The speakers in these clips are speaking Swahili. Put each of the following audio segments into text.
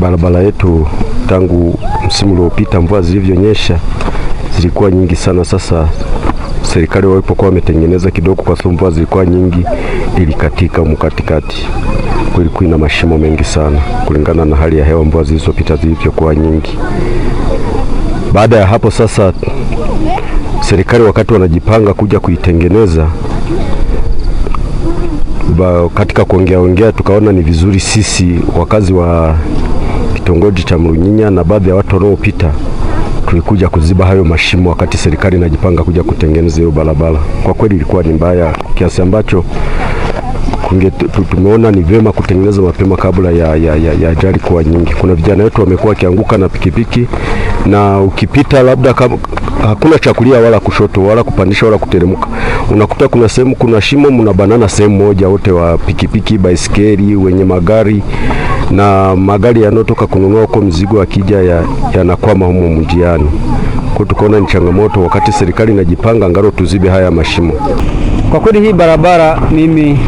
barabara yetu tangu msimu uliopita mvua zilivyonyesha zilikuwa nyingi sana. Sasa serikali walipokuwa wametengeneza kidogo, kwa sababu mvua zilikuwa nyingi, ilikatika mkatikati, kulikuwa na mashimo mengi sana kulingana na hali ya hewa, mvua zilizopita zilivyokuwa nyingi. Baada ya hapo sasa, serikali wakati wanajipanga kuja kuitengeneza katika kuongea ongea tukaona ni vizuri sisi wakazi wa kitongoji cha Mrunyinya na baadhi ya watu wanaopita tulikuja kuziba hayo mashimo wakati serikali inajipanga kuja kutengeneza hiyo barabara. Kwa kweli ilikuwa ni mbaya kiasi ambacho tumeona ni vema kutengeneza mapema kabla ya, ya, ya, ya ajali kuwa nyingi. Kuna vijana wetu wamekuwa wakianguka na pikipiki, na ukipita labda kama, hakuna chakulia wala kushoto wala kupandisha wala kuteremka unakuta kuna sehemu kuna shimo mnabanana sehemu moja wote wa pikipiki, baisikeli, wenye magari na magari yanayotoka kununua huko mzigo akija yanakwama ya humo mjiani. Kwa tukaona ni changamoto, wakati serikali inajipanga ngaro tuzibe haya mashimo. Kwa kweli hii barabara mimi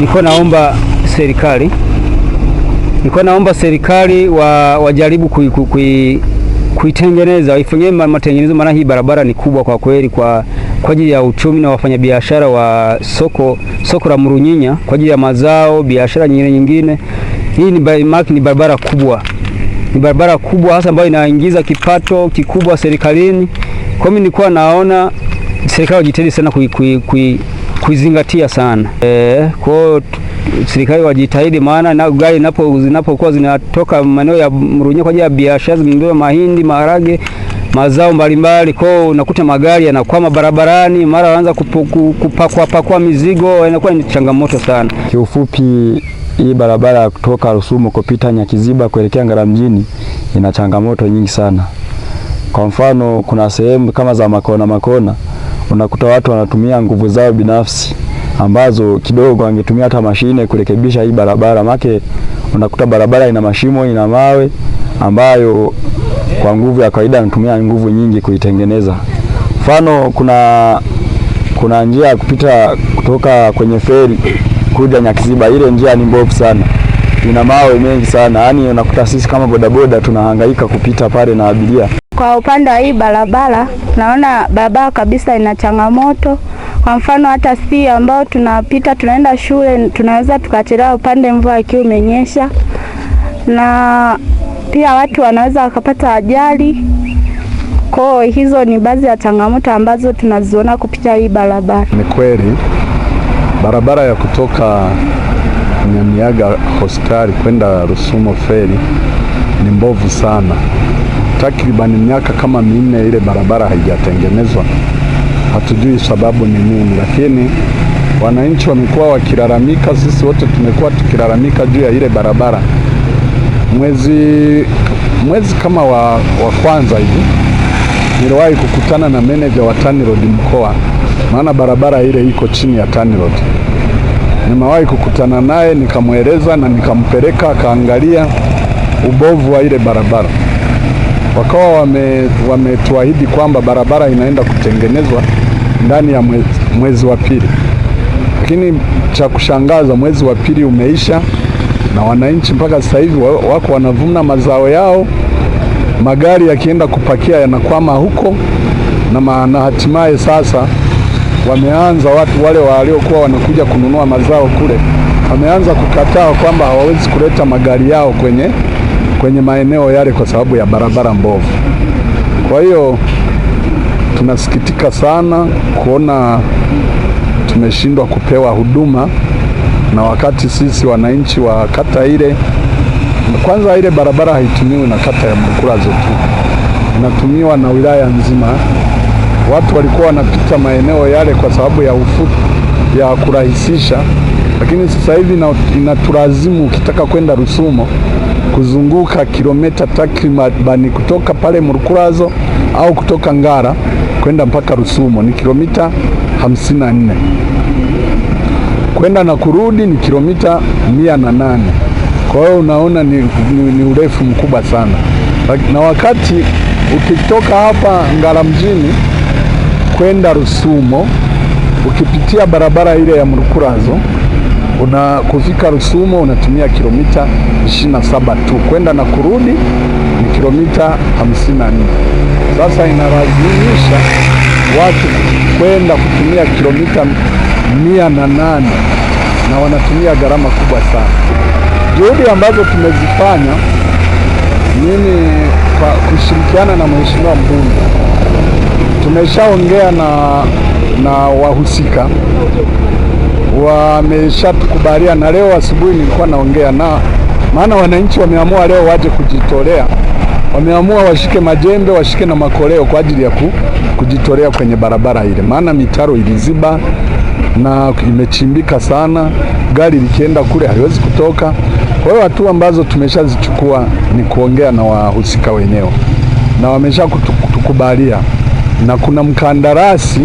niko naomba serikali niko naomba serikali wa, wajaribu kuitengeneza kui, kui waifanyie matengenezo, maana hii barabara ni kubwa kwa kweli kwa kwa ajili ya uchumi na wafanyabiashara wa soko soko la Murunyinya kwa ajili ya mazao, biashara nyingine nyingine. Hii ni Baimark, ni barabara kubwa, ni barabara kubwa hasa ambayo inaingiza kipato kikubwa serikalini. Kwa mimi nilikuwa naona serikali wajitahidi sana kuizingatia kui, kui sana e, kwa serikali wajitahidi, maana na gari zinapokuwa zinatoka maeneo ya Murunyinya kwa ajili ya biashara, zinabeba mahindi, maharage mazao mbalimbali hiyo unakuta magari yanakwama barabarani, mara wanaanza kupakwa pakwa mizigo, inakuwa ni changamoto sana. Kiufupi, hii barabara ya kutoka Rusumo kupita Nyakiziba kuelekea Ngara mjini ina changamoto nyingi sana. Kwa mfano, kuna sehemu kama za makona makona, unakuta watu wanatumia nguvu zao binafsi ambazo kidogo angetumia hata mashine kurekebisha hii barabara make unakuta barabara ina mashimo, ina mawe ambayo kwa nguvu ya kawaida anatumia nguvu nyingi kuitengeneza. Mfano, kuna kuna njia ya kupita kutoka kwenye feri kuja Nyakiziba. Ile njia ni mbovu sana, ina mawe mengi sana, yaani unakuta sisi kama bodaboda tunahangaika kupita pale na abiria. Kwa upande wa hii barabara, naona barabara kabisa ina changamoto. Kwa mfano hata si ambao tunapita tunaenda shule, tunaweza tukachelewa upande mvua ikiwa imenyesha na pia watu wanaweza wakapata ajali. Kwa hizo ni baadhi ya changamoto ambazo tunaziona kupitia hii barabara. Ni kweli barabara ya kutoka Nyamiaga hospitali kwenda Rusumo feri ni mbovu sana. Takribani miaka kama minne ile barabara haijatengenezwa, hatujui sababu ni nini, lakini wananchi wamekuwa wakilalamika, sisi wote tumekuwa tukilalamika juu ya ile barabara mwezi mwezi kama wa, wa kwanza hivi niliwahi kukutana na meneja wa TANROADS mkoa, maana barabara ile iko chini ya TANROADS. Nimewahi kukutana naye nikamweleza na nikampeleka akaangalia ubovu wa ile barabara. Wakawa wame wametuahidi kwamba barabara inaenda kutengenezwa ndani ya mwezi, mwezi wa pili, lakini cha kushangaza mwezi wa pili umeisha na wananchi mpaka sasa hivi wako wanavuna mazao yao, magari yakienda kupakia yanakwama huko na, na hatimaye sasa wameanza watu wale waliokuwa wanakuja kununua mazao kule wameanza kukataa kwamba hawawezi kuleta magari yao kwenye, kwenye maeneo yale kwa sababu ya barabara mbovu. Kwa hiyo tunasikitika sana kuona tumeshindwa kupewa huduma na wakati sisi wananchi wa kata ile, kwanza ile barabara haitumiwi na kata ya Mukulazo tu, inatumiwa na wilaya nzima. Watu walikuwa wanapita maeneo yale kwa sababu ya ufupi, ya kurahisisha, lakini sasa hivi inaturazimu ukitaka kwenda Rusumo kuzunguka kilomita takribani kutoka pale murukurazo au kutoka Ngara kwenda mpaka Rusumo ni kilomita 54 kwenda na kurudi ni kilomita mia na nane. Kwa hiyo unaona ni, ni, ni urefu mkubwa sana, na wakati ukitoka hapa mjini kwenda Rusumo ukipitia barabara ile ya mrukurazo una kufika Rusumo unatumia kilomita 27 tu, kwenda na kurudi ni kilomita 54. Sasa inalazimisha watu kwenda kutumia kilomita mia na nane na wanatumia gharama kubwa sana. Juhudi ambazo tumezifanya mimi kwa kushirikiana na mheshimiwa mbunge, tumeshaongea na, na wahusika wameshatukubalia, na leo asubuhi nilikuwa naongea na, maana wananchi wameamua leo waje kujitolea, wameamua washike majembe washike na makoleo kwa ajili ya ku, kujitolea kwenye barabara ile, maana mitaro iliziba na imechimbika sana, gari likienda kule haliwezi kutoka. Kwa hiyo hatua ambazo tumeshazichukua ni kuongea na wahusika wenyewe na wamesha kutukubalia, na kuna mkandarasi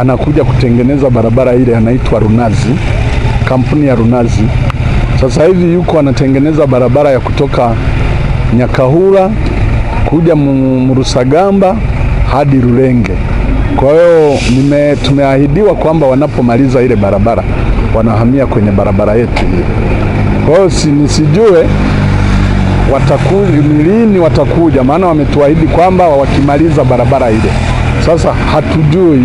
anakuja kutengeneza barabara ile, anaitwa Runazi, kampuni ya Runazi. Sasa hivi yuko anatengeneza barabara ya kutoka Nyakahura kuja Murusagamba hadi Rulenge. Kwa hiyo tumeahidiwa kwamba wanapomaliza ile barabara wanahamia kwenye barabara yetu hii. Kwa hiyo si, nisijue watakuja lini watakuja, maana wametuahidi kwamba wakimaliza barabara ile. Sasa hatujui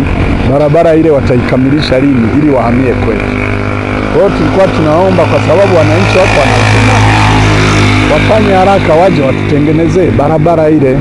barabara ile wataikamilisha lini ili wahamie kwetu. Kwa hiyo tulikuwa tunaomba kwa sababu wananchi wako wanasema wafanye haraka waje watutengenezee barabara ile.